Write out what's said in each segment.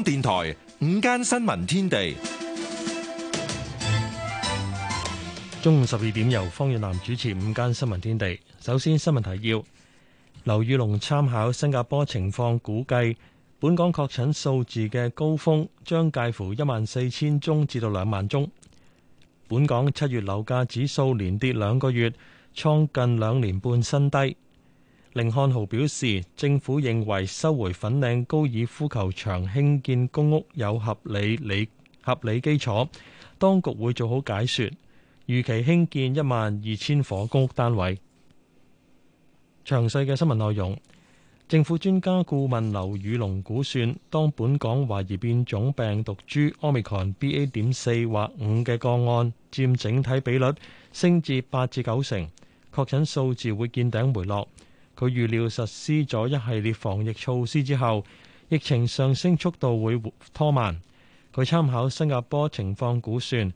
香港電台午間新聞天地，中午十二點由方月南主持午間新聞天地。首先新聞提要：劉宇龍參考新加坡情況估計，本港確診數字嘅高峰將介乎一萬四千宗至到兩萬宗。本港七月樓價指數連跌兩個月，創近兩年半新低。凌漢豪表示，政府認為收回粉嶺高爾夫球場興建公屋有合理理合理基礎，當局會做好解說。預期興建一萬二千伙公屋單位。詳細嘅新聞內容，政府專家顧問劉宇龍估算，當本港懷疑變種病毒株 Omicron BA. 點四或五嘅個案佔整體比率升至八至九成，確診數字會見頂回落。佢預料實施咗一系列防疫措施之後，疫情上升速度會拖慢。佢參考新加坡情況估算，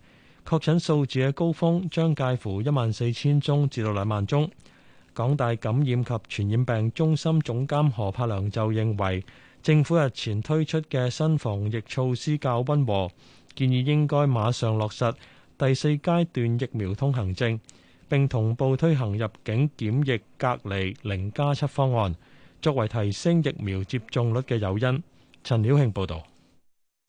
確診數字嘅高峰將介乎一萬四千宗至到兩萬宗。港大感染及傳染病中心總監何柏良就認為，政府日前推出嘅新防疫措施較溫和，建議應該馬上落實第四階段疫苗通行證。並同步推行入境檢疫隔離零加七方案，作為提升疫苗接種率嘅誘因。陳曉慶報導。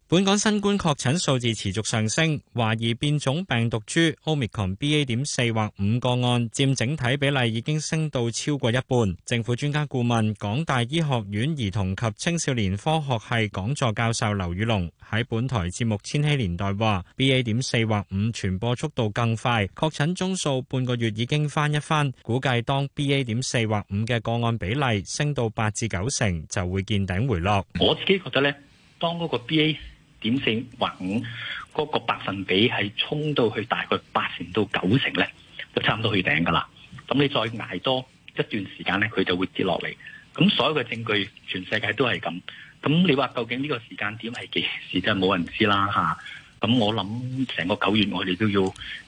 本港新冠確診數字持續上升，懷疑變種病毒株 Omicron BA. 點四或五個案佔整體比例已經升到超過一半。政府專家顧問、港大醫學院兒童及青少年科學系講座教授劉宇龍喺本台節目《千禧年代》話：BA. 點四或五傳播速度更快，確診宗數半個月已經翻一番。估計當 BA. 點四或五嘅個案比例升到八至九成，就會見頂回落。我自己覺得呢，當嗰個 BA 點四或五嗰個百分比係衝到去大概八成到九成咧，就差唔多去頂噶啦。咁你再捱多一段時間咧，佢就會跌落嚟。咁所有嘅證據，全世界都係咁。咁你話究竟呢個時間點係幾時？真係冇人知啦吓，咁我諗成個九月，我哋都要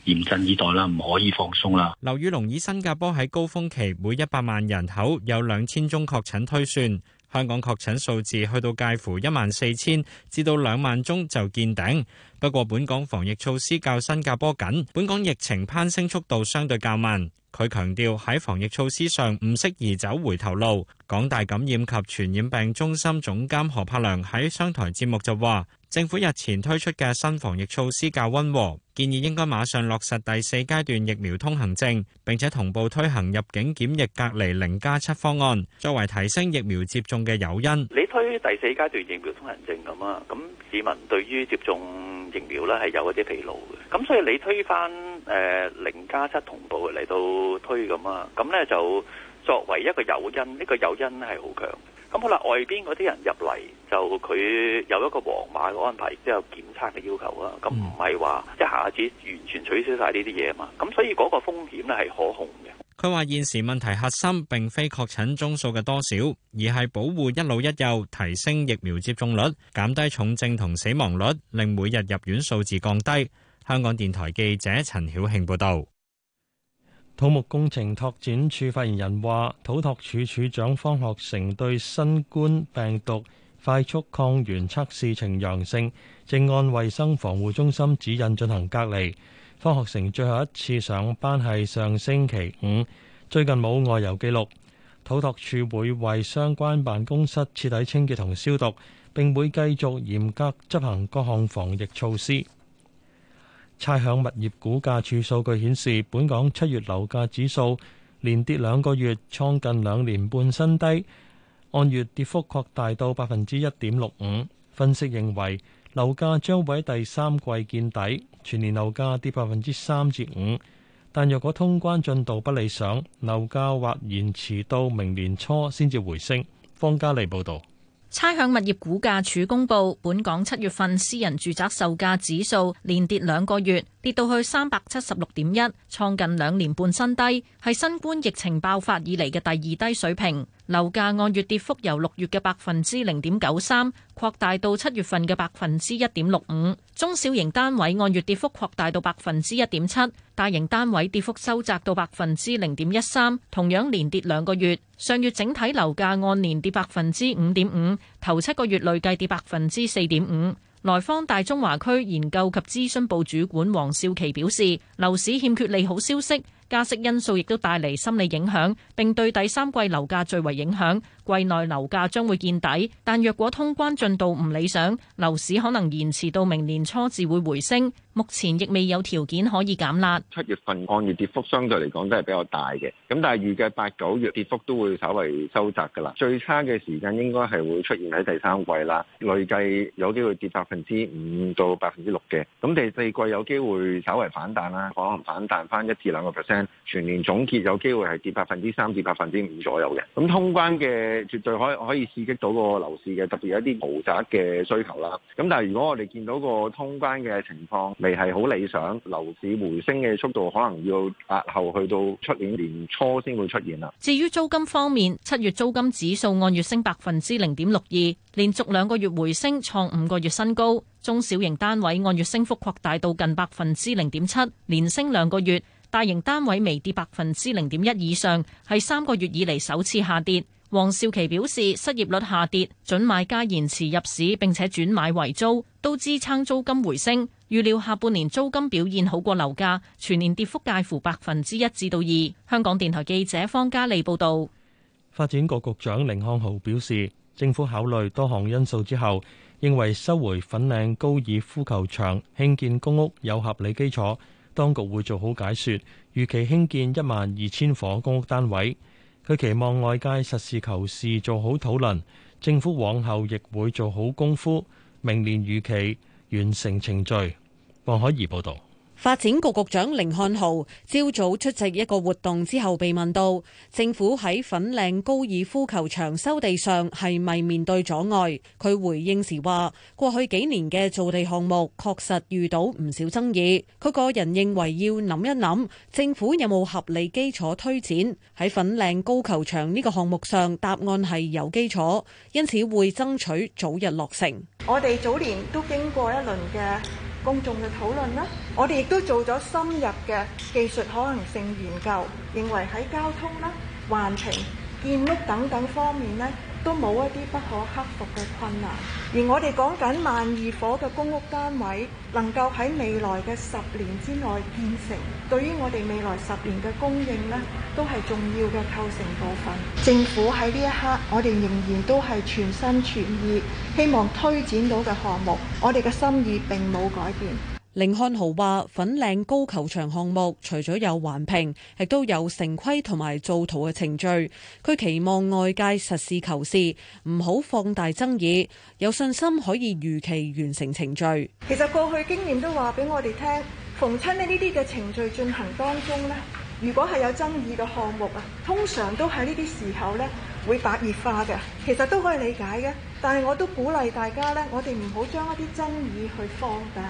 嚴陣以待啦，唔可以放鬆啦。劉宇龍以新加坡喺高峰期每一百萬人口有兩千宗確診推算。香港確診數字去到介乎一萬四千至到兩萬宗就見頂，不過本港防疫措施較新加坡緊，本港疫情攀升速度相對較慢。佢強調喺防疫措施上唔適宜走回頭路。港大感染及傳染病中心總監何柏良喺商台節目就話。政府日前推出嘅新防疫措施較溫和，建議應該馬上落實第四階段疫苗通行證，並且同步推行入境檢疫隔離零加七方案，作為提升疫苗接種嘅誘因。你推第四階段疫苗通行證咁啊，咁市民對於接種疫苗咧係有一啲疲勞嘅，咁所以你推翻誒零加七同步嚟到推咁啊，咁咧就作為一個誘因，呢個誘因係好強。咁好啦，外邊嗰啲人入嚟，就佢有一個黃碼嘅安排，亦都有檢測嘅要求啦。咁唔係話一下子完全取消晒呢啲嘢嘛。咁所以嗰個風險咧，係可控嘅。佢話現時問題核心並非確診宗數嘅多少，而係保護一老一幼，提升疫苗接種率，減低重症同死亡率，令每日入院數字降低。香港電台記者陳曉慶報道。土木工程拓展署發言人話，土拓署署長方學成對新冠病毒快速抗原測試呈陽性，正按衛生防護中心指引進行隔離。方學成最後一次上班係上星期五，最近冇外遊記錄。土拓署會為相關辦公室徹底清潔同消毒，並會繼續嚴格執行各項防疫措施。差餉物業估價署數據顯示，本港七月樓價指數連跌兩個月，創近兩年半新低，按月跌幅擴大到百分之一點六五。分析認為，樓價將會喺第三季見底，全年樓價跌百分之三至五。但若果通關進度不理想，樓價或延遲到明年初先至回升。方家莉報導。差餉物業估價署公布，本港七月份私人住宅售價指數連跌兩個月。跌到去三百七十六點一，創近兩年半新低，係新冠疫情爆發以嚟嘅第二低水平。樓價按月跌幅由六月嘅百分之零點九三擴大到七月份嘅百分之一點六五，中小型單位按月跌幅擴大到百分之一點七，大型單位跌幅收窄到百分之零點一三，同樣連跌兩個月。上月整體樓價按年跌百分之五點五，頭七個月累計跌百分之四點五。萊坊大中華區研究及諮詢部主管黃少琪表示，樓市欠缺利好消息。加息因素亦都帶嚟心理影響，並對第三季樓價最為影響。季內樓價將會見底，但若果通關進度唔理想，樓市可能延遲到明年初至會回升。目前亦未有條件可以減辣。七月份按月跌幅相對嚟講都係比較大嘅，咁但係預計八九月跌幅都會稍為收窄㗎啦。最差嘅時間應該係會出現喺第三季啦，累計有機會跌百分之五到百分之六嘅。咁第四季有機會稍為反彈啦，可能反彈返一至兩個 percent。全年總結有機會係跌百分之三至百分之五左右嘅。咁通關嘅絕對可以可以刺激到個樓市嘅，特別一啲豪宅嘅需求啦。咁但係如果我哋見到個通關嘅情況未係好理想，樓市回升嘅速度可能要押後去到出年年初先會出現啦。至於租金方面，七月租金指數按月升百分之零點六二，連續兩個月回升，創五個月新高。中小型單位按月升幅擴大到近百分之零點七，連升兩個月。大型單位微跌百分之零點一以上，係三個月以嚟首次下跌。黃少琪表示，失業率下跌，準買家延遲入市並且轉買為租，都支撐租金回升。預料下半年租金表現好過樓價，全年跌幅介乎百分之一至到二。香港電台記者方嘉利報道。發展局局長甯漢豪表示，政府考慮多項因素之後，認為收回粉嶺高爾夫球場興建公屋有合理基礎。當局會做好解説，預期興建一萬二千伙公屋單位。佢期望外界實事求是做好討論，政府往後亦會做好功夫。明年預期完成程序。王海怡報道。發展局局長甯漢豪朝早出席一個活動之後，被問到政府喺粉嶺高爾夫球場收地上係咪面對阻礙，佢回應時話：過去幾年嘅造地項目確實遇到唔少爭議，佢個人認為要諗一諗政府有冇合理基礎推展喺粉嶺高球場呢個項目上，答案係有基礎，因此會爭取早日落成。我哋早年都經過一輪嘅。公眾嘅討論啦，我哋亦都做咗深入嘅技術可行性研究，認為喺交通啦、環評、建屋等等方面咧。都冇一啲不可克服嘅困難，而我哋講緊萬二夥嘅公屋單位能夠喺未來嘅十年之內建成，對於我哋未來十年嘅供應咧，都係重要嘅構成部分。政府喺呢一刻，我哋仍然都係全心全意，希望推展到嘅項目，我哋嘅心意並冇改變。寧漢豪話：粉嶺高球場項目除咗有環評，亦都有城規同埋做圖嘅程序。佢期望外界實事求是，唔好放大爭議，有信心可以如期完成程序。其實過去經驗都話俾我哋聽，逢親咧呢啲嘅程序進行當中呢，如果係有爭議嘅項目啊，通常都喺呢啲時候咧會白熱化嘅。其實都可以理解嘅，但係我都鼓勵大家呢，我哋唔好將一啲爭議去放大。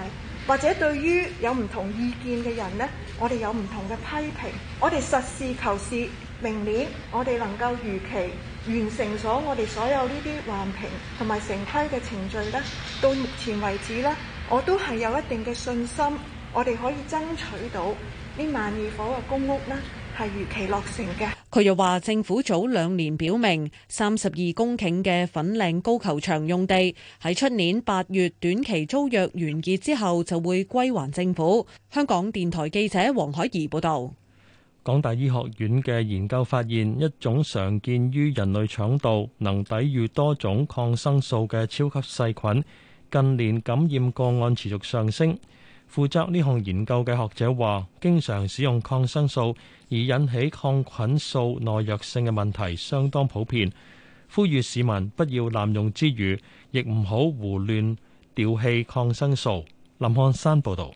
或者對於有唔同意見嘅人呢，我哋有唔同嘅批評，我哋實事求是，明年我哋能夠如期完成咗我哋所有呢啲環評同埋成批嘅程序呢，到目前為止呢，我都係有一定嘅信心，我哋可以爭取到呢萬二伙嘅公屋啦。係如期落成嘅。佢又話：政府早兩年表明，三十二公頃嘅粉嶺高球場用地喺出年八月短期租約完結之後就會歸還政府。香港電台記者黃海怡報導。港大醫學院嘅研究發現，一種常見於人類腸道、能抵禦多種抗生素嘅超級細菌，近年感染個案持續上升。負責呢項研究嘅學者話，經常使用抗生素而引起抗菌素耐藥性嘅問題相當普遍，呼籲市民不要濫用之餘，亦唔好胡亂丟棄抗生素。林漢山報導。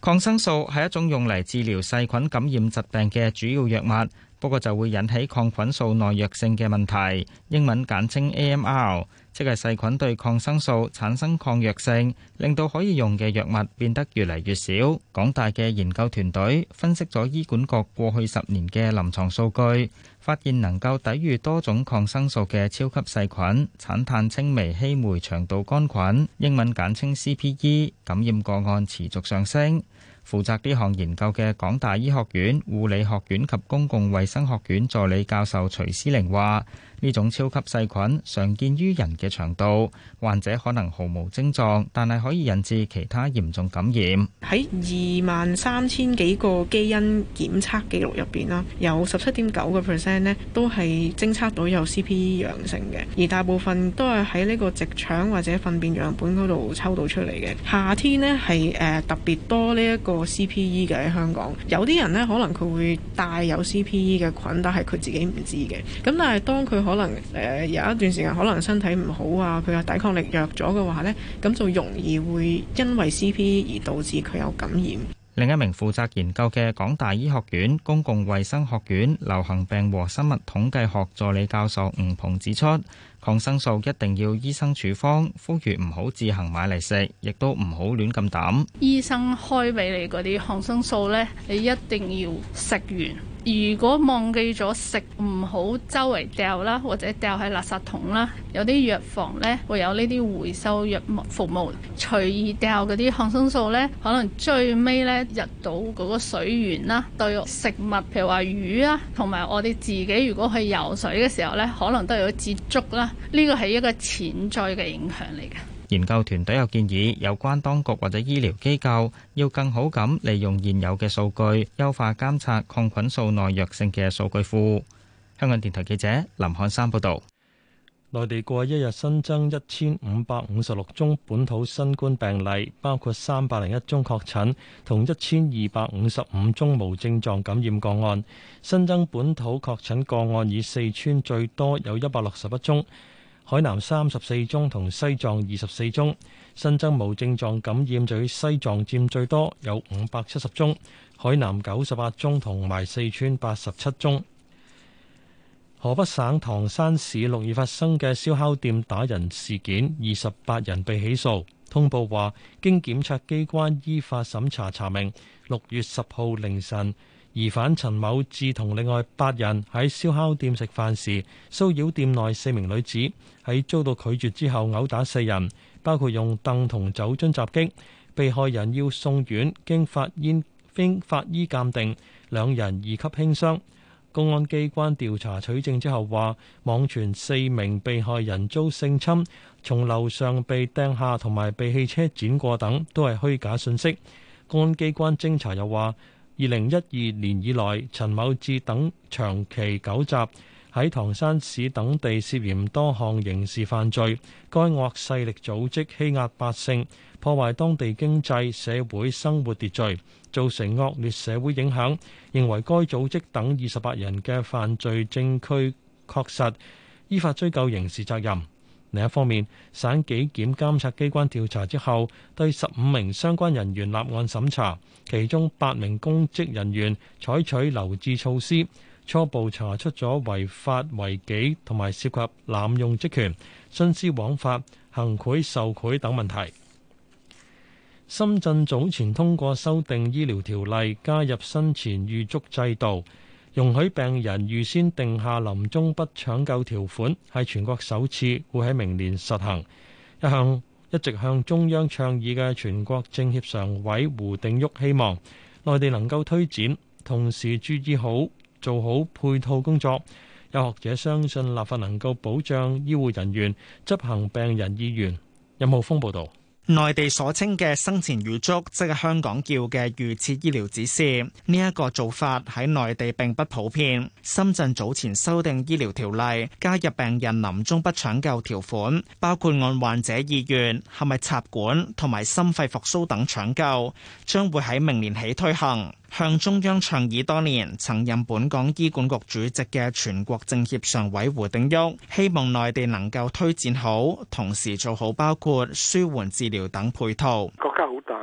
抗生素係一種用嚟治療細菌感染疾病嘅主要藥物，不過就會引起抗菌素耐藥性嘅問題，英文簡稱 AMR。即係細菌對抗生素產生抗藥性，令到可以用嘅藥物變得越嚟越少。港大嘅研究團隊分析咗醫管局過去十年嘅臨床數據，發現能夠抵禦多種抗生素嘅超級細菌——產碳青黴烯酶腸道桿菌（英文簡稱 CPE） 感染個案持續上升。負責呢項研究嘅港大醫學院護理學院及公共衛生學院助理教授徐思玲話：呢種超級細菌常見於人嘅腸道，患者可能毫無症狀，但係可以引致其他嚴重感染。喺二萬三千幾個基因檢測記錄入邊啦，有十七點九個 percent 咧都係偵測到有 CPE 陽性嘅，而大部分都係喺呢個直腸或者糞便樣本嗰度抽到出嚟嘅。夏天咧係誒特別多呢、這、一個。個 CPE 嘅喺香港有啲人呢，可能佢會帶有 CPE 嘅菌，但係佢自己唔知嘅。咁但係當佢可能誒有一段時間可能身體唔好啊，佢嘅抵抗力弱咗嘅話呢，咁就容易會因為 CPE 而導致佢有感染。另一名負責研究嘅港大醫學院公共衛生學院流行病和生物統計學助理教授吳鵬指出，抗生素一定要醫生處方，呼籲唔好自行買嚟食，亦都唔好亂咁抌。醫生開俾你嗰啲抗生素呢，你一定要食完。如果忘記咗食，唔好周圍掉啦，或者掉喺垃圾桶啦。有啲藥房呢會有呢啲回收藥物服務，隨意掉嗰啲抗生素呢，可能最尾呢入到嗰個水源啦，對食物，譬如話魚啊，同埋我哋自己如果去游水嘅時候呢，可能都有接觸啦。呢個係一個潛在嘅影響嚟嘅。研究團隊有建議，有關當局或者醫療機構要更好咁利用現有嘅數據，優化監察抗菌素耐藥性嘅數據庫。香港電台記者林漢山報道。內地過一日新增一千五百五十六宗本土新冠病例，包括三百零一宗確診同一千二百五十五宗無症狀感染個案。新增本土確診個案以四川最多，有一百六十一宗。海南三十四宗同西藏二十四宗新增無症狀感染，就西藏佔最多，有五百七十宗；海南九十八宗同埋四川八十七宗。河北省唐山市六月發生嘅燒烤店打人事件，二十八人被起訴。通報話，經檢察機關依法審查查明，六月十號凌晨。疑犯陳某志同另外八人喺燒烤店食飯時，騷擾店內四名女子。喺遭到拒絕之後，毆打四人，包括用凳同酒樽襲擊。被害人要送院，經法，法醫鑑定，兩人二級輕傷。公安機關調查取證之後，話網傳四名被害人遭性侵、從樓上被掟下同埋被汽車碾過等，都係虛假信息。公安機關偵查又話。二零一二年以來，陳某志等長期糾集，喺唐山市等地涉嫌多項刑事犯罪，該惡勢力組織欺壓百姓，破壞當地經濟、社會生活秩序，造成惡劣社會影響，認為該組織等二十八人嘅犯罪證據確實，依法追究刑事責任。另一方面，省紀檢監察機關調查之後，對十五名相關人員立案審查，其中八名公職人員採取留置措施，初步查出咗違法違紀同埋涉及濫用職權、徇私枉法、行賄受賄等問題。深圳早前通過修訂醫療條例，加入生前預囑制度。容許病人預先定下臨終不搶救條款係全國首次，會喺明年實行。一向一直向中央倡議嘅全國政協常委胡定旭希望，內地能夠推展，同時注意好做好配套工作。有學者相信立法能夠保障醫護人員執行病人意願。任浩峯報導。內地所稱嘅生前預囑，即係香港叫嘅預設醫療指示。呢、這、一個做法喺內地並不普遍。深圳早前修訂醫療條例，加入病人臨終不搶救條款，包括按患者意願，係咪插管同埋心肺復甦等搶救，將會喺明年起推行。向中央倡議多年，曾任本港醫管局主席嘅全國政協常委胡定旭，希望內地能夠推薦好，同時做好包括舒緩治療等配套。國家好大。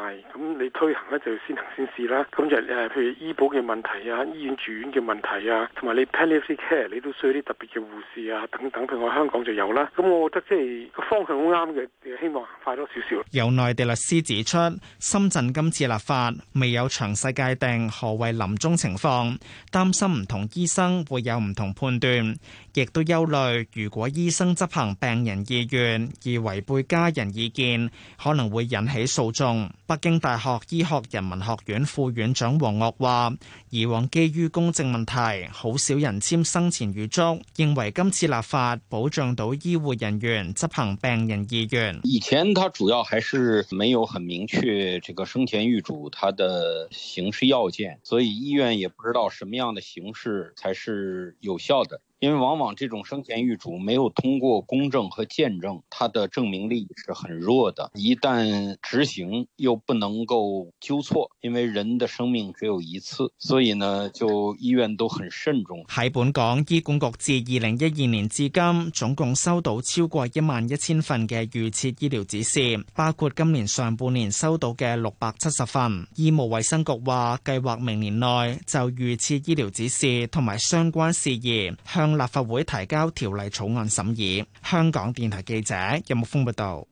咁你推行咧，就先行先試啦。咁就誒，譬如醫保嘅問題啊，醫院住院嘅問題啊，同埋你 palliative care，你都需要啲特別嘅護士啊等等。譬如我香港就有啦。咁我覺得即係個方向好啱嘅，希望快多少少。有內地律師指出，深圳今次立法未有詳細界定何謂臨終情況，擔心唔同醫生會有唔同判斷，亦都憂慮如果醫生執行病人意願而違背家人意見，可能會引起訴訟。北京大學醫學人文學院副院長王岳話：以往基於公正問題，好少人簽生前預囑，認為今次立法保障到醫護人員執行病人意願。以前他主要還是沒有很明確這個生前預囑他的形式要件，所以醫院也不知道什麼樣的形式才是有效的。因為往往這種生前預囑沒有通過公證和見證，它的證明力是很弱的。一旦執行，又不能夠糾錯，因為人的生命只有一次，所以呢，就醫院都很慎重。喺本港，醫管局自二零一二年至今，總共收到超過一萬一千份嘅預設醫療指示，包括今年上半年收到嘅六百七十份。醫務衛生局話，計劃明年內就預設醫療指示同埋相關事宜向。向立法會提交條例草案審議。香港電台記者任木峰報道。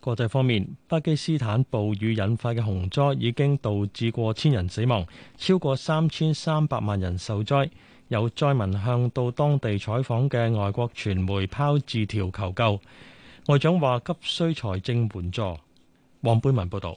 國際方面，巴基斯坦暴雨引發嘅洪災已經導致過千人死亡，超過三千三百萬人受災。有災民向到當地採訪嘅外國傳媒拋字條求救。外長話急需財政援助。黃貝文報道。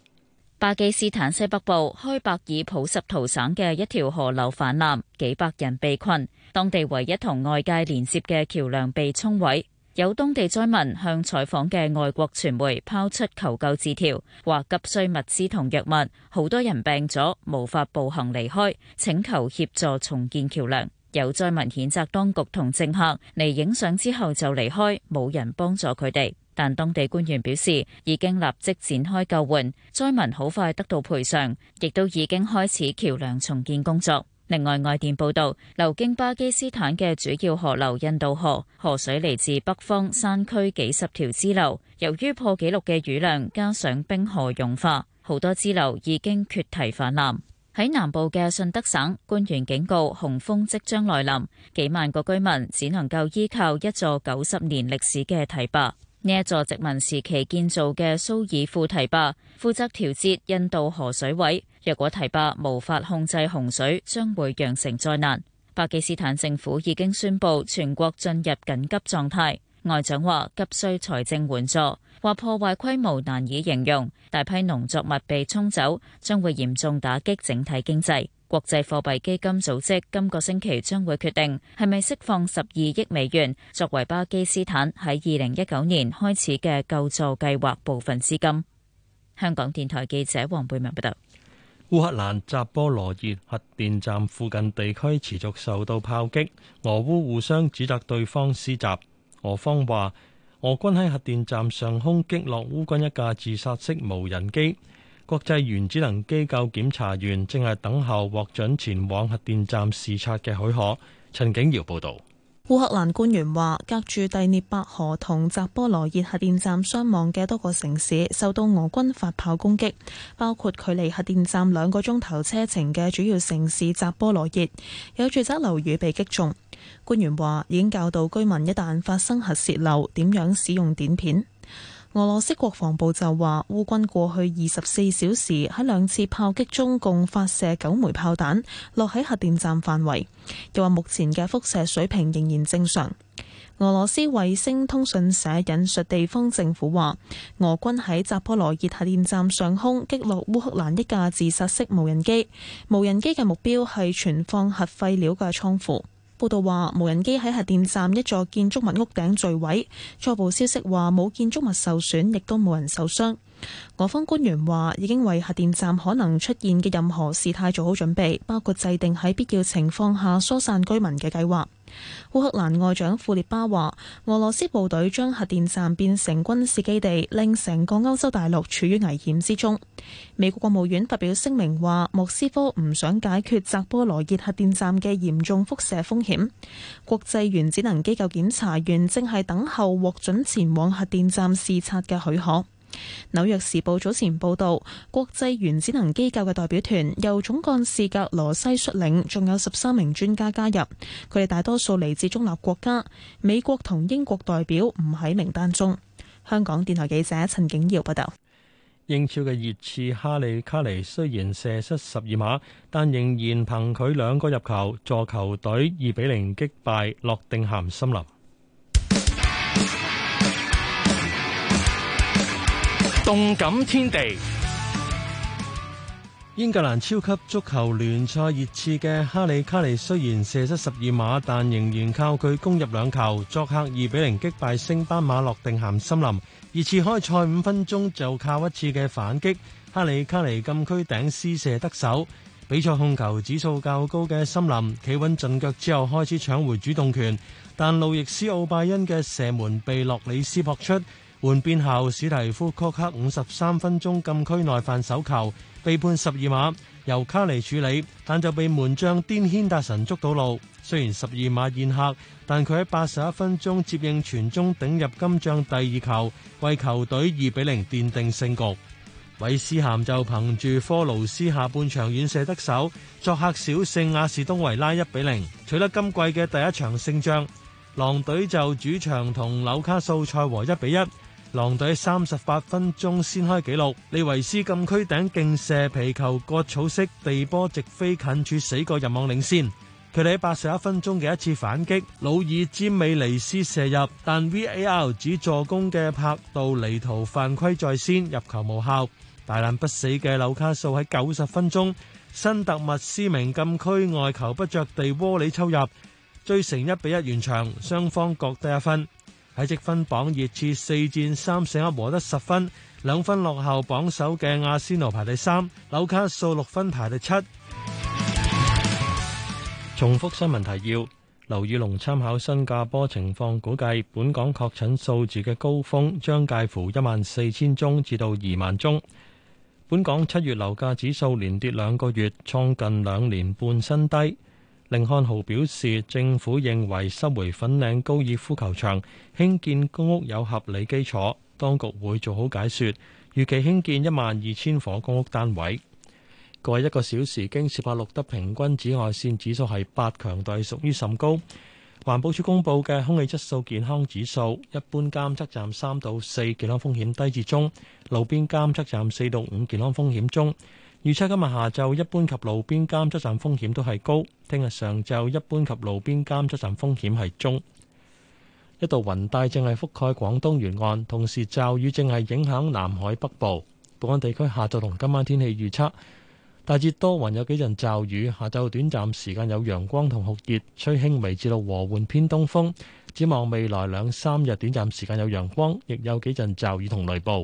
巴基斯坦西北部開伯爾普什圖省嘅一條河流泛濫，幾百人被困，當地唯一同外界連接嘅橋梁被沖毀。有當地災民向採訪嘅外國傳媒拋出求救字條，話急需物資同藥物，好多人病咗，無法步行離開，請求協助重建橋梁。有災民譴責當局同政客嚟影相之後就離開，冇人幫助佢哋。但當地官員表示，已經立即展開救援，災民好快得到賠償，亦都已經開始橋梁重建工作。另外，外電報導，流經巴基斯坦嘅主要河流印度河河水嚟自北方山區幾十條支流，由於破紀錄嘅雨量加上冰河融化，好多支流已經決堤泛濫。喺南部嘅信德省，官員警告洪峯即將來臨，幾萬個居民只能夠依靠一座九十年歷史嘅堤壩。呢一座殖民時期建造嘅蘇爾庫堤壩負責調節印度河水位，若果堤壩無法控制洪水，將會釀成災難。巴基斯坦政府已經宣布全國進入緊急狀態。外長話急需財政援助，話破壞規模難以形容，大批農作物被沖走，將會嚴重打擊整體經濟。國際貨幣基金組織今個星期將會決定係咪釋放十二億美元作為巴基斯坦喺二零一九年開始嘅救助計劃部分資金。香港電台記者黃貝文報道。烏克蘭扎波羅熱核電站附近地區持續受到炮擊，俄烏互相指責對方施襲。俄方話，俄軍喺核電站上空擊落烏軍一架自殺式無人機。國際原子能機構檢查員正係等候獲准前往核電站視察嘅許可。陳景堯報道。烏克蘭官員話，隔住第聶伯河同扎波羅熱核電站相望嘅多個城市受到俄軍發炮攻擊，包括距離核電站兩個鐘頭車程嘅主要城市扎波羅熱，有住宅樓宇被擊中。官員話，已經教導居民一旦發生核洩漏，點樣使用碘片。俄羅斯國防部就話，烏軍過去二十四小時喺兩次炮擊中，共發射九枚炮彈落喺核電站範圍，又話目前嘅輻射水平仍然正常。俄羅斯衛星通訊社引述地方政府話，俄軍喺扎波羅熱核電站上空擊落烏克蘭一架自殺式無人機，無人機嘅目標係存放核廢料嘅倉庫。報道話，無人機喺核電站一座建築物屋頂墜毀。初步消息話，冇建築物受損，亦都冇人受傷。俄方官員話，已經為核電站可能出現嘅任何事態做好準備，包括制定喺必要情況下疏散居民嘅計劃。烏克蘭外長庫列巴話，俄羅斯部隊將核電站變成軍事基地，令成個歐洲大陸處於危險之中。美國國務院發表聲明話，莫斯科唔想解決扎波羅熱核電站嘅嚴重輻射風險。國際原子能機構檢查員正係等候獲准前往核電站視察嘅許可。紐約時報早前報道，國際原子能機構嘅代表團由總幹事格羅西率領，仲有十三名專家加入，佢哋大多數嚟自中立國家，美國同英國代表唔喺名單中。香港電台記者陳景堯報道。英超嘅熱刺哈利卡尼雖然射失十二碼，但仍然憑佢兩個入球助球隊二比零擊敗洛定咸森林。動感天地，英格蘭超級足球聯賽熱刺嘅哈利卡尼雖然射失十二碼，但仍然靠佢攻入兩球，作客二比零擊敗升班馬諾定咸森林。熱刺開賽五分鐘就靠一次嘅反擊，哈利卡尼禁區頂試射得手。比賽控球指數較高嘅森林企穩陣腳之後開始搶回主動權，但路易斯奧拜恩嘅射門被洛里斯撲出。換邊後，史提夫·科克五十三分鐘禁區內犯手球，被判十二碼，由卡尼處理，但就被門將甸軒達臣捉到路。雖然十二碼宴客，但佢喺八十一分鐘接應傳中頂入金將第二球，為球隊二比零奠定勝局。韋斯咸就憑住科盧斯下半場遠射得手，作客小勝亞士東維拉一比零，0, 取得今季嘅第一場勝仗。狼隊就主場同紐卡素賽和一比一。1, 狼隊三十八分鐘先開紀錄，利維斯禁區頂勁射皮球割草式地波直飛近處，死角入網領先。佢哋喺八十一分鐘嘅一次反擊，老爾詹美尼斯射入，但 VAR 指助攻嘅拍杜離圖犯規在先，入球無效。大難不死嘅紐卡素喺九十分鐘，新特密斯明禁區外球不着地窩裏抽入，追成一比一完場，雙方各得一分。喺積分榜熱刺四戰三勝一和得十分，兩分落後榜首嘅阿仙奴排第三，紐卡素六分排第七。重複新聞提要。劉宇龍參考新加坡情況，估計本港確診數字嘅高峰將介乎一萬四千宗至到二萬宗。本港七月樓價指數連跌兩個月，創近兩年半新低。甯漢豪表示，政府認為收回粉嶺高爾夫球場興建公屋有合理基礎，當局會做好解說。預期興建一萬二千伙公屋單位。過去一個小時，京士柏錄得平均紫外線指數係八，強度屬於甚高。環保署公布嘅空氣質素健康指數，一般監測站三到四，健康風險低至中；路邊監測站四到五，健康風險中。預測今日下晝一般及路邊監測站風險都係高，聽日上晝一般及路邊監測站風險係中。一道雲帶正係覆蓋廣東沿岸，同時驟雨正係影響南海北部。本港地區下晝同今晚天氣預測：大致多雲，有幾陣驟雨。下晝短暫時間有陽光同酷熱，吹輕微至到和緩偏東風。展望未來兩三日，短暫時間有陽光，亦有幾陣驟雨同雷暴。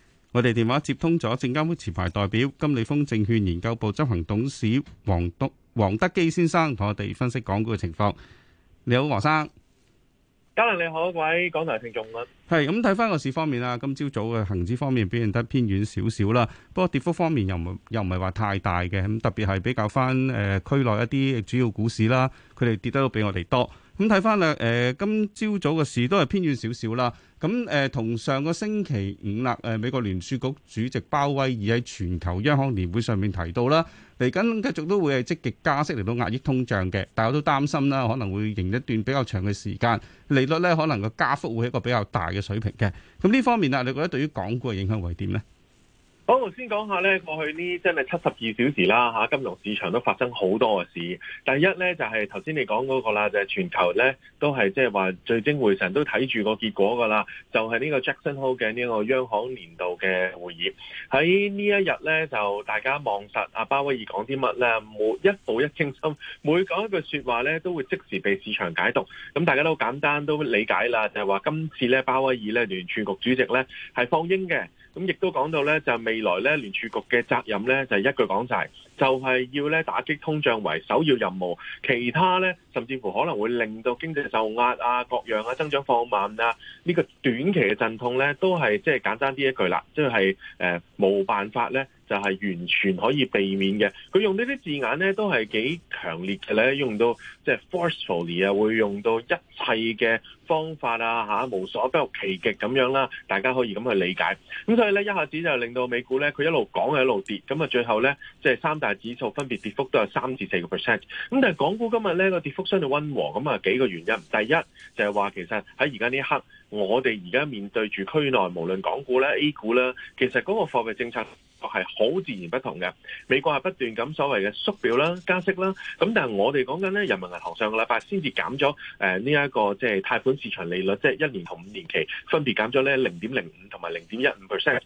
我哋電話接通咗證監會前排代表金利豐證券研究部執行董事黃德黃德基先生，同我哋分析港股嘅情況。你好，黃生，家人你好，各位港台聽眾，係咁睇翻個市方面啦。今朝早嘅恒指方面表現得偏軟少少啦，不過跌幅方面又唔又唔係話太大嘅咁，特別係比較翻誒區內一啲主要股市啦，佢哋跌得都比我哋多。咁睇翻啦，誒今朝早嘅事都係偏遠少少啦。咁誒同上個星期五啦，誒美國聯儲局主席鮑威爾喺全球央行年會上面提到啦，嚟緊繼續都會係積極加息嚟到壓抑通脹嘅。大家都擔心啦，可能會迎一段比較長嘅時間，利率咧可能個加幅會係一個比較大嘅水平嘅。咁呢方面啊，你覺得對於港股嘅影響會點呢？我先講下呢，過去呢真係七十二小時啦吓，金融市場都發生好多嘅事。第一呢，就係頭先你講嗰、那個啦，就係、是、全球呢都係即係話聚精會神都睇住個結果㗎啦。就係、是、呢個 Jackson Hole 嘅呢個央行年度嘅會議喺呢一日呢，就大家望實阿鮑威爾講啲乜呢？每一步一傾心，每講一句説話呢，都會即時被市場解讀。咁大家都簡單都理解啦，就係、是、話今次呢，鮑威爾呢聯儲局主席呢係放鷹嘅。咁亦都講到咧，就係未來咧，聯儲局嘅責任咧，就係一句講晒。就係要咧打擊通脹為首要任務，其他咧甚至乎可能會令到經濟受壓啊、各樣啊、增長放慢啊，呢、這個短期嘅陣痛咧都係即係簡單啲一句啦，即係誒冇辦法咧就係、是、完全可以避免嘅。佢用呢啲字眼咧都係幾強烈嘅咧，用到即係 forcefully 啊，會用到一切嘅方法啊嚇、啊，無所不用其極咁樣啦，大家可以咁去理解。咁所以咧一下子就令到美股咧佢一路講又一路跌，咁啊最後咧即係三大指數分別跌幅都有三至四個 percent，咁但係港股今日咧個跌幅相對溫和，咁啊幾個原因，第一就係話其實喺而家呢一刻，我哋而家面對住區內無論港股咧、A 股啦，其實嗰個貨幣政策係好自然不同嘅。美國係不斷咁所謂嘅縮表啦、加息啦，咁但係我哋講緊咧，人民銀行上個禮拜先至減咗誒呢一個即係貸款市場利率，即係一年同五年期分別減咗咧零點零五同埋零點一五 percent。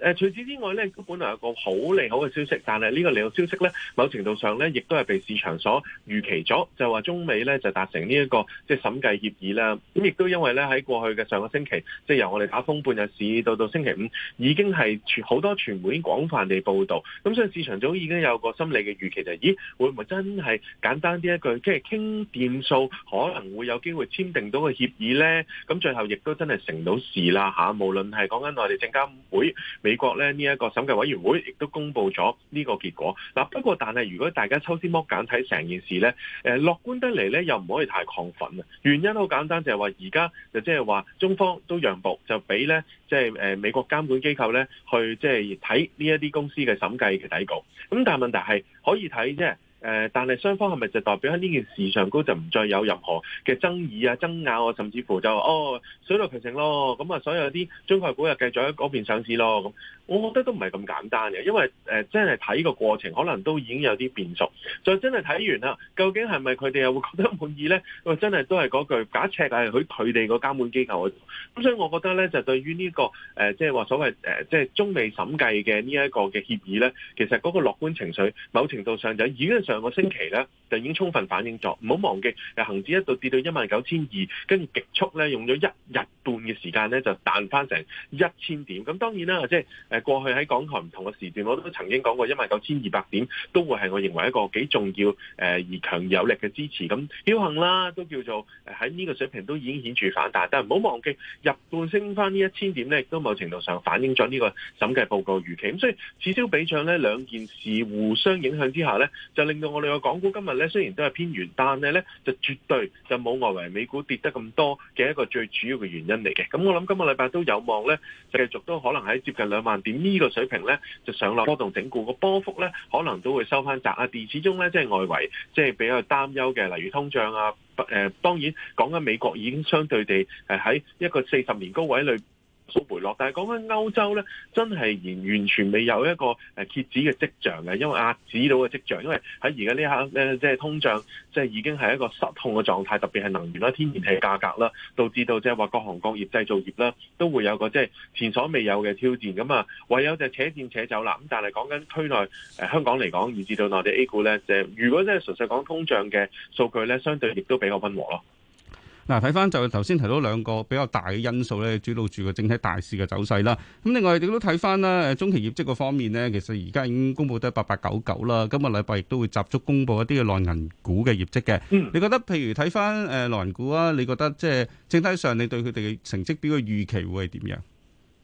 誒除此之外咧，都本來有個好利好嘅消息，但係呢個利好消息咧，某程度上咧，亦都係被市場所預期咗，就話中美咧就達成呢一個即係審計協議啦。咁亦都因為咧喺過去嘅上個星期，即係由我哋打風半日市到到星期五，已經係好多傳媒廣泛地報導，咁所以市場早已經有個心理嘅預期，就係，就係咦會唔會真係簡單啲一,一句，即係傾掂數可能會有機會簽訂到個協議咧？咁最後亦都真係成到事啦嚇！無論係講緊內地證監會。美國咧呢一個審計委員會亦都公布咗呢個結果。嗱不過，但係如果大家抽絲剝繭睇成件事咧，誒樂觀得嚟咧又唔可以太亢奮啊。原因好簡單，就係話而家就即係話中方都讓步，就俾咧即係誒美國監管機構咧去即係睇呢一啲公司嘅審計嘅底稿。咁但係問題係可以睇即係。誒，但係雙方係咪就代表喺呢件事上高就唔再有任何嘅爭議啊、爭拗啊，甚至乎就哦水到渠成咯，咁、嗯、啊所有啲中概股又繼續喺嗰邊上市咯，咁、嗯、我覺得都唔係咁簡單嘅，因為誒、呃、真係睇個過程，可能都已經有啲變數。再真係睇完啦，究竟係咪佢哋又會覺得滿意咧？我真係都係嗰句假設係喺佢哋個監管機構。咁、嗯、所以我覺得咧，就對於呢、這個誒、呃，即係話所謂誒、呃，即係中美審計嘅呢一個嘅協議咧，其實嗰個樂觀情緒，某程度上就已經。上個星期咧就已經充分反映咗，唔好忘記，誒，恆指一度跌到一萬九千二，跟住極速咧用咗一日半嘅時間咧就彈翻成一千點。咁當然啦，即係誒過去喺港台唔同嘅時段，我都曾經講過一萬九千二百點都會係我認為一個幾重要誒而強而有力嘅支持。咁僥倖啦，都叫做喺呢個水平都已經顯著反彈。但係唔好忘記，日半升翻呢一千點咧，亦都某程度上反映咗呢個審計報告預期。咁所以此消彼長呢，兩件事互相影響之下咧，就令。我哋嘅港股今個咧，雖然都係偏軟，但係咧就絕對就冇外圍美股跌得咁多嘅一個最主要嘅原因嚟嘅。咁我諗今個禮拜都有望咧，繼續都可能喺接近兩萬點呢個水平咧，就上落波動整固個波幅咧，可能都會收翻窄啊。但始終咧，即係外圍即係比較擔憂嘅，例如通脹啊，誒、呃，當然講緊美國已經相對地誒喺一個四十年高位裏。回落，但係講緊歐洲咧，真係完完全未有一個誒遏止嘅跡象嘅，因為壓止到嘅跡象，因為喺而家呢下咧，即、呃、係通脹，即係已經係一個失控嘅狀態，特別係能源啦、天然氣價格啦，導致到即係話各行各業、製造業啦，都會有個即係前所未有嘅挑戰。咁啊，唯有就扯線扯走啦。咁但係講緊區內誒、呃、香港嚟講，以至到內地 A 股咧，即、就、係、是、如果咧純粹講通脹嘅數據咧，相對亦都比較溫和咯。嗱，睇翻就頭先提到兩個比較大嘅因素咧，主導住個整體大市嘅走勢啦。咁另外亦都睇翻啦，誒中期業績個方面咧，其實而家已經公布得八八九九啦。今日禮拜亦都會集中公布一啲嘅內銀股嘅業績嘅。嗯、你覺得譬如睇翻誒內銀股啊，你覺得即係整體上，你對佢哋嘅成績表嘅預期會係點樣？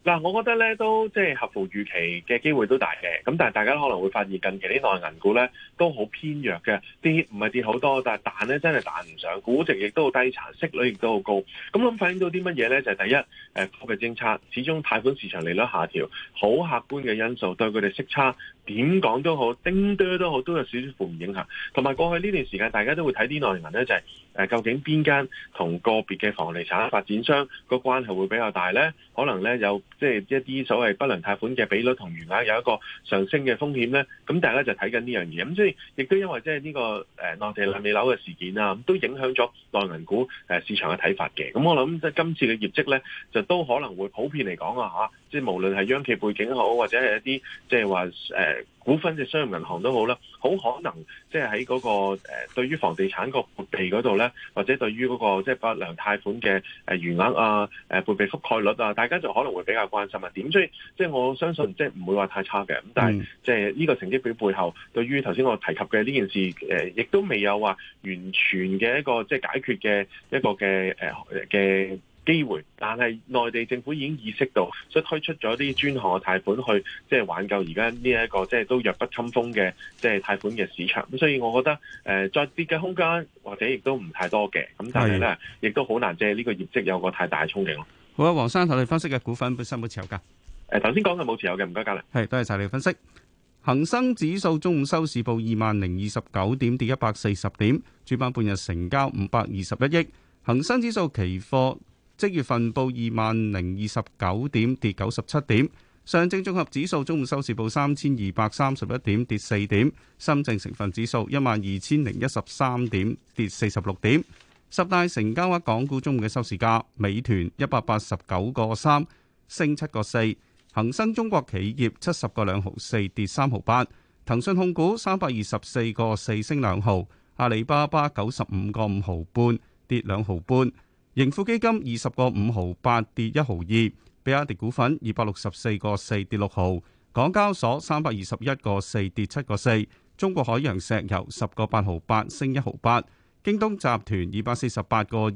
嗱，我覺得咧都即係合乎預期嘅機會都大嘅，咁但係大家可能會發現近期啲內銀股咧都好偏弱嘅，跌唔係跌好多，但係彈咧真係彈唔上，估值亦都好低殘，息率亦都好高。咁咁反映到啲乜嘢咧？就係第一，誒，貨幣政策始終貸款市場利率下調，好客觀嘅因素對佢哋息差點講都好，叮噹都好，都有少少負面影響。同埋過去呢段時間，大家都會睇啲內銀咧，就係。誒、啊、究竟邊間同個別嘅房地產發展商個關係會比較大咧？可能咧有即係、就是、一啲所謂不良貸款嘅比率同餘額有一個上升嘅風險咧。咁、嗯、大家就睇緊呢樣嘢。咁、嗯、即係亦都因為即係呢個誒、呃、內地爛尾樓嘅事件啊，都影響咗內銀股誒、呃、市場嘅睇法嘅。咁、嗯、我諗即係今次嘅業績咧，就都可能會普遍嚟講啊，嚇即係無論係央企背景好，或者係一啲即係話誒。就是股份嘅商業銀行都好啦，好可能即係喺嗰個誒對於房地產個撥備嗰度咧，或者對於嗰個即係不良貸款嘅誒餘額啊、誒撥備覆蓋率啊，大家就可能會比較關心啊點，所以即係、就是、我相信即係唔會話太差嘅，咁但係即係呢個成績表背後，對於頭先我提及嘅呢件事誒，亦都未有話完全嘅一個即係解決嘅一個嘅誒嘅。機會，但係內地政府已經意識到，所以推出咗啲專項嘅貸款去、這個，即係挽救而家呢一個即係都弱不禁風嘅，即係貸款嘅市場。咁所以，我覺得誒、呃、再跌嘅空間或者亦都唔太多嘅。咁但係咧，亦是都好難借呢個業績有個太大嘅衝勁咯。好啊，黃生睇你分析嘅股份本身冇持有噶？誒頭先講嘅冇持有嘅，唔該隔離係多謝晒你分析。恒生指數中午收市報二萬零二十九點，跌一百四十點。主板半日成交五百二十一億。恒生指數期貨。即月份報二萬零二十九點，跌九十七點。上證綜合指數中午收市報三千二百三十一點，跌四點。深圳成分指數一萬二千零一十三點，跌四十六點。十大成交額港股中午嘅收市價：美團一百八十九個三，升七個四；恒生中國企業七十個兩毫四，跌三毫八；騰訊控股三百二十四個四，升兩毫；阿里巴巴九十五個五毫半，跌兩毫半。盈富基金二十個五毫八，跌一毫二，比亞迪股份二百六十四個四，跌六毫，港交所三百二十一個四，跌七個四，中國海洋石油十個八毫八，升一毫八，京東集團二百四十八個二，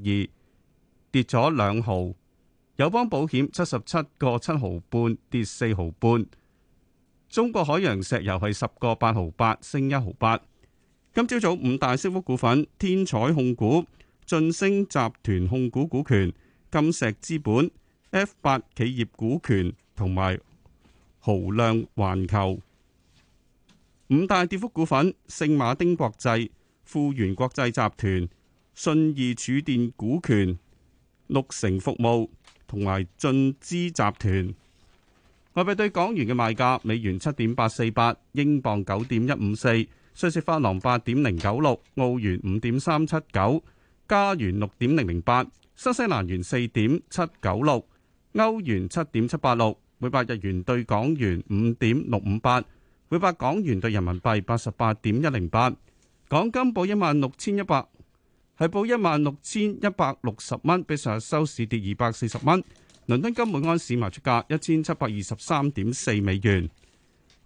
跌咗兩毫，友邦保險七十七個七毫半，跌四毫半，中國海洋石油係十個八毫八，升一毫八，今朝早五大升幅股份，天彩控股。晉升集團控股股權、金石資本、F 八企業股權同埋豪量環球。五大跌幅股份，聖馬丁國際、富源國際集團、信義儲電股權、六成服務同埋晉資集團。外幣對港元嘅賣價，美元七點八四八，英鎊九點一五四，瑞士法郎八點零九六，澳元五點三七九。加元六點零零八，新西蘭元四點七九六，歐元七點七八六，每百日元對港元五點六五八，每百港元對人民幣八十八點一零八，港金報一萬六千一百，係報一萬六千一百六十蚊，比上日收市跌二百四十蚊。倫敦金每安士賣出價一千七百二十三點四美元。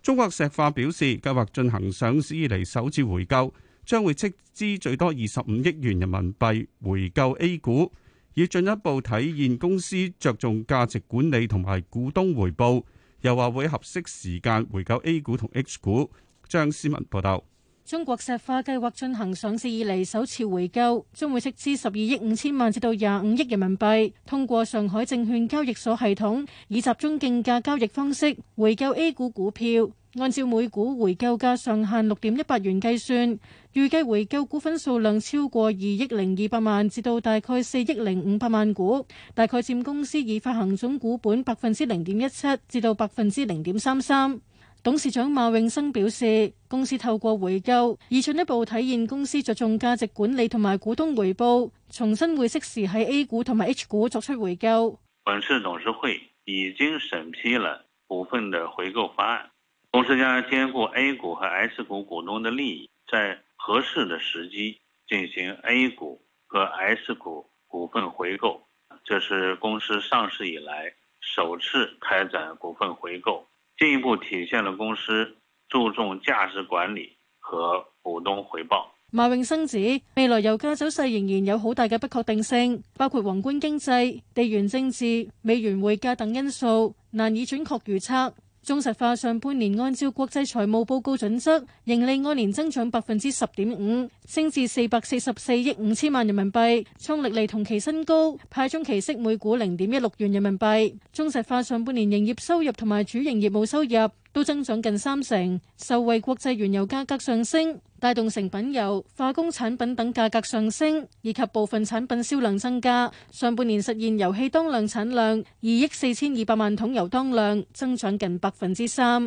中國石化表示計劃進行上市以嚟首次回購。將會斥資最多二十五億元人民幣回購 A 股，以進一步體現公司着重價值管理同埋股東回報，又話會喺合適時間回購 A 股同 H 股。張思文報道。中國石化計劃進行上市以嚟首次回購，將會斥資十二億五千萬至到廿五億人民幣，通過上海證券交易所系統以集中競價交易方式回購 A 股股票。按照每股回購價上限六點一八元計算，預計回購股份數量超過二億零二百萬至到大概四億零五百萬股，大概佔公司已發行總股本百分之零點一七至到百分之零點三三。董事長馬永生表示，公司透過回購，以進一步體現公司着重價值管理同埋股東回報，重新會適時喺 A 股同埋 H 股作出回購。本次董事會已經審批了股份的回購方案，公司將兼顧 A 股和 S 股股股東的利益，在合適的時機進行 A 股和 S 股股份回購，這是公司上市以來首次開展股份回購。進一步體現了公司注重價值管理和股東回報。馬永生指，未來油價走勢仍然有好大嘅不確定性，包括宏觀經濟、地緣政治、美元匯價等因素，難以準確預測。中石化上半年按照國際財務報告準則，盈利按年增長百分之十點五，升至四百四十四億五千萬人民幣，創歷來同期新高，派中期息每股零點一六元人民幣。中石化上半年營業收入同埋主營業務收入。都增長近三成，受惠國際原油價格上升，帶動成品油、化工產品等價格上升，以及部分產品銷量增加。上半年實現油氣當量產量二億四千二百萬桶油當量，增長近百分之三。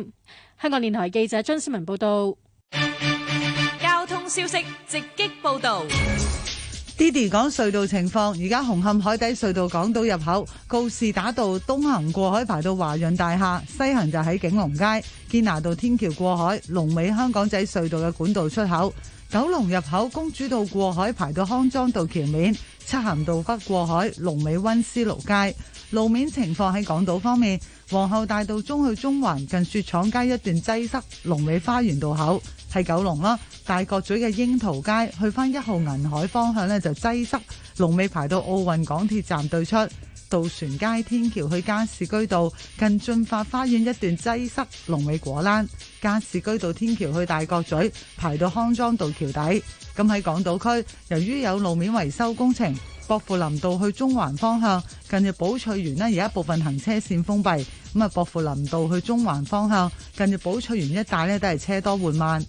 香港電台記者張思文報道。交通消息直擊報導。d i d y 講隧道情況，而家紅磡海底隧道港島入口告士打道東行過海排到華潤大廈，西行就喺景隆街、堅拿道天橋過海，龍尾香港仔隧道嘅管道出口。九龍入口公主道過海排到康莊道橋面，漆咸道北過海，龍尾溫斯勞街。路面情況喺港島方面，皇后大道中去中環近雪廠街一段擠塞，龍尾花園道口。係九龍啦，大角咀嘅櫻桃街，去翻一號銀海方向呢，就擠塞，龍尾排到奧運港鐵站對出，渡船街天橋去加士居道近駿發花園一段擠塞，龍尾果欄，加士居道天橋去大角咀排到康莊道橋底。咁喺港島區，由於有路面維修工程。薄扶林道去中環方向，近住寶翠園呢，而家部分行車線封閉。咁啊，薄扶林道去中環方向，近住寶翠園一帶呢，都係車多緩慢。